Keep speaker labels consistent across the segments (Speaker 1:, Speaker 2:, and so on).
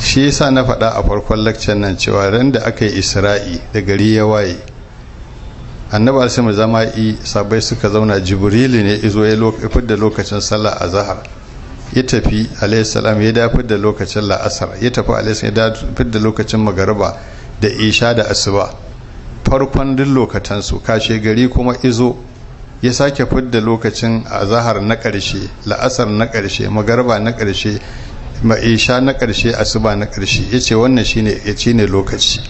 Speaker 1: shi yasa na faɗa a farkon lakcin nan cewa ran da aka yi isra'i da gari ya waye mu zama zama'i sabai suka zauna jibrilu ne izo ya fidda lokacin sallah a zahar ya tafi alaihissalam ya da fidda lokacin la'asar ya tafi alaihissalam ya da fidda lokacin magariba da isha da asuba farkon duk su kashe gari kuma izo ya sake fidda lokacin zahar na ƙarshe la'asar na ƙarshe magariba na ƙarshe ma'isha na ƙarshe asuba na ƙarshe yace wannan shine ne lokaci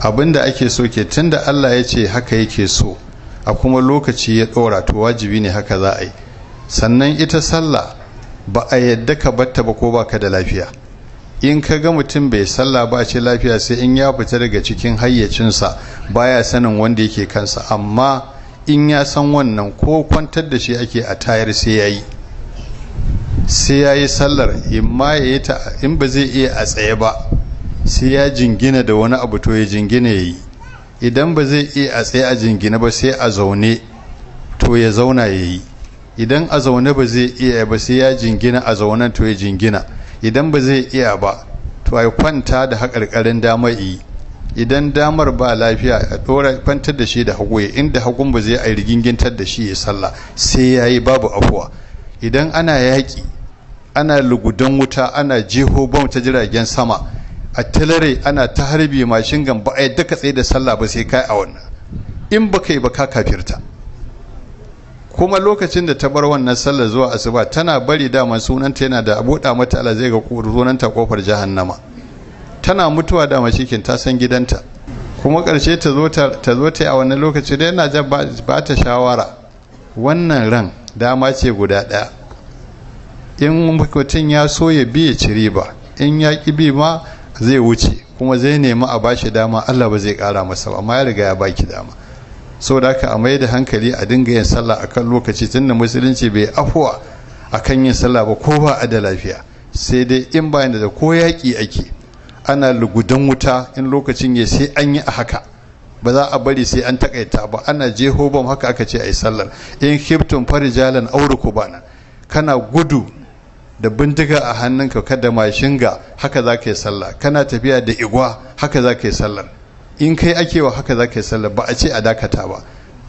Speaker 1: abinda ake so ke tunda Allah ya ce haka yake so a kuma lokaci ya ɗora to wajibi ne haka za a yi sannan ita sallah ba a yadda ka batta ba ko ba ka da lafiya in ka ga mutum bai sallah ba ce lafiya sai in ya fita daga cikin hayyacinsa baya sanin wanda yake kansa amma in ya san wannan ko kwantar da shi ake a tayar sai ya yi sai ya yi sallar imma ya yi ta in ba zai iya a tsaye ba sai ya jingina da wani abu to ya jingina ya yi idan ba zai iya a tsaye a jingina ba sai a zaune to ya zauna ya yi idan a zaune ba zai iya ba sai ya jingina a zaunen to ya jingina idan ba zai iya ba to ai kwanta da haƙarƙarin dama yi idan damar ba lafiya a ɗora kwantar da shi da hagu inda hagun ba zai a rigingintar da shi ya sallah sai ya yi babu afuwa idan ana yaƙi ana lugudan wuta ana jeho bom ta jiragen sama a tilare ana ta harbi mashin gan ba a yadda ka tsaye da sallah ba sai kai a wannan in ba kai ba ka kafirta kuma lokacin da ta bar wannan sallah zuwa asuba tana bari dama sunanta yana da abuɗa mata Allah zai ga sunanta kofar jahannama tana mutuwa da mashikin ta san gidanta kuma ƙarshe ta zo ta ta a wannan lokaci da yana jan ba ta shawara wannan ran dama ce guda ɗaya in mutum ya so ya bi ya ci riba in ya ƙi bi ma zai wuce kuma zai nemi a bashi dama Allah ba zai ƙara masa ba amma ya riga ya baki dama da haka a mai da hankali a dinga yin sallah akan lokaci tunda musulunci bai afuwa akan yin sallah ba ko ba a da lafiya sai dai in bayan da ko yaƙi ake ana lugudan wuta in lokacin ya sai an yi a haka ba za a bari sai an takaita ba ana jeho bam haka aka ce ai sallar in khiftum farijalan auruku bana kana gudu da bindiga a hannunka kada mashinga haka za ka yi sallah kana tafiya da igwa haka za ka yi sallar in kai ake wa haka za ka yi sallar ba a ce a dakata ba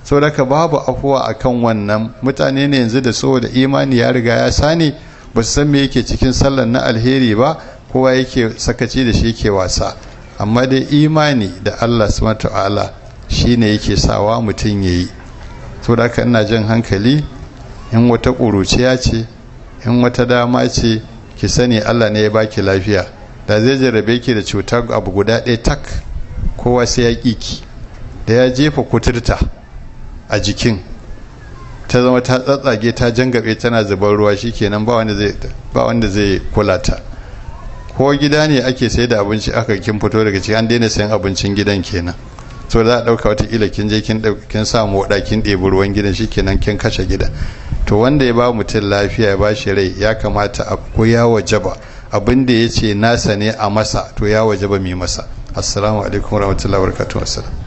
Speaker 1: saboda babu afuwa kan wannan mutane ne yanzu da saboda imani ya riga ya sani ba su san me yake cikin sallar na alheri ba kowa yake sakaci da shi yake wasa amma dai imani da Allah subhanahu ta'ala shine yake sawa mutum ya yi saboda haka ina jan hankali in wata ƙuruciya ce in wata dama ce ki sani Allah ne ya baki lafiya da zai jarabe ki da cutar abu guda ɗaya tak kowa sai ya ki da ya jefa kuturta a jikin ta zama ta tsatsage ta jangabe tana zubar ruwa shi kenan ba wanda zai kula ta ko gida ne ake sayar da abinci aka kin fito daga ciki an daina sayan abincin gidan kenan so za a ɗauka wata ila kin je kin samu waɗa kin ɗebi ruwan gidan shi kenan kin kashe gida to wanda ya ba mutum lafiya ya ba shi rai ya kamata a ko ya wajaba abin da ya ce nasa ne a masa to ya wajaba mai masa assalamu alaikum warahmatullahi wabarakatuh assalam